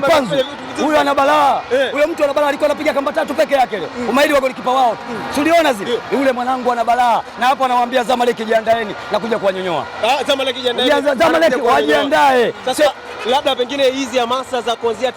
Mpanzu huyo ana balaa eh. huyo, mtu ana balaa, alikuwa anapiga kamba tatu peke yake ile mm. umaili wa golikipa wao, mm. si uliona zile? Eh. Yule mwanangu ana balaa, na hapo anawaambia Zamalek, jiandaeni na kuja kuwanyonyoa ah, Zamalek, wajiandae sasa labda pengine hizi hamasa za kuanzia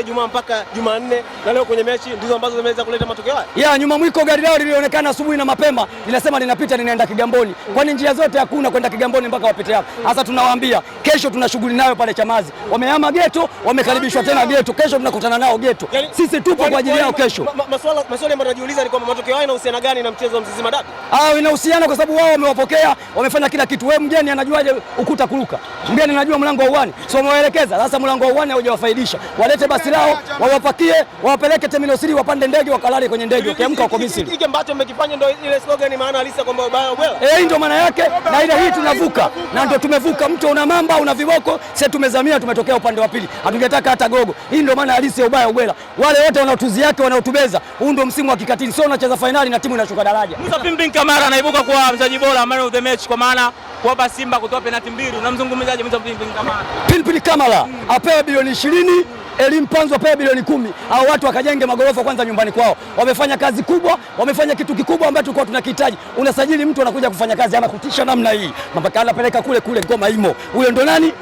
Ijumaa mpaka Jumanne na leo kwenye mechi ndizo ambazo zimeweza kuleta matokeo haya. Yeah, nyuma mwiko gari lao lilionekana asubuhi na mapema linasema linapita linaenda Kigamboni, kwani njia zote hakuna kwenda Kigamboni mpaka wapite hapo. Sasa tunawaambia kesho tuna shughuli nayo pale Chamazi, wamehama geto, wamekaribishwa tena geto, kesho tunakutana nao geto. Yaani, Sisi tupo yaani, kwa ajili yaani, yao kesho. Maswali maswali ambayo najiuliza ni kwamba matokeo haya yanahusiana gani na mchezo wa Mzizi Dabi? Ah, inahusiana kwa sababu wao wamewapokea, wamefanya kila kitu. Wewe mgeni anajuaje ukuta kuruka? Mgeni anajua mlango wa uani? so tumewaelekeza sasa, mlango wa uwani haujawafaidisha. Walete basi lao, wawapakie, wawapeleke terminal siri, wapande ndege, wakalale kwenye ndege, wakiamka wako Misri. Kile ambacho mmekifanya ndio ile slogan, maana halisi kwamba ubaya ubwela. Eh, ndio maana yake, na ile hii tunavuka, na ndio tumevuka. Mto una mamba, una viboko, sisi tumezamia, tumetokea upande wa pili, hatungetaka hata gogo. Hii ndio maana halisi ya ubaya ubwela. Wale wote wanaotuzi yake wanaotubeza, huu ndio msimu wa kikatini sio unacheza fainali na timu inashuka daraja. Musa Pimbin Kamara anaibuka kuwa mchezaji bora man of the match kwa maana kuwapa Simba kutoa penalti mbili. Unamzungumzaje mtu Pilipili Kamara? Pilipili Kamara mm. apewe bilioni ishirini mm. Elimu Panzu apewe bilioni kumi au watu wakajenge magorofa kwanza nyumbani kwao. Wamefanya kazi kubwa, wamefanya kitu kikubwa ambacho tulikuwa tunakihitaji. Unasajili mtu anakuja kufanya kazi ama kutisha namna hii, mpaka anapeleka kule kule ngoma imo. Huyo ndo nani?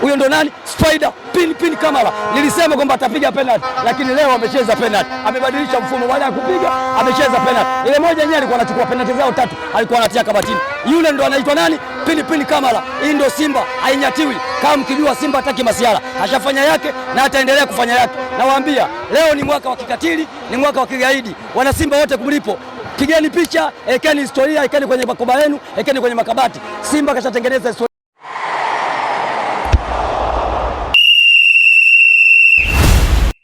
Huyo ndo nani? Spider Pilipili Kamara. Nilisema kwamba atapiga penalti, lakini leo amecheza penalti, amebadilisha mfumo. Baada ya kupiga amecheza penalti ile moja yenyewe, alikuwa anachukua penalti zao tatu, alikuwa anatia kabatini. Yule ndo anaitwa nani? Pilipili Kamara, hii ndio Simba, hainyatiwi. Kama mkijua Simba hataki masiara, ashafanya yake na ataendelea kufanya yake. Nawaambia leo ni mwaka wa kikatili, ni mwaka wa kigaidi. Wana Simba wote kumlipo kigeni picha, ekeni historia, ekeni kwenye makoba yenu, ekeni kwenye makabati. Simba kashatengeneza historia.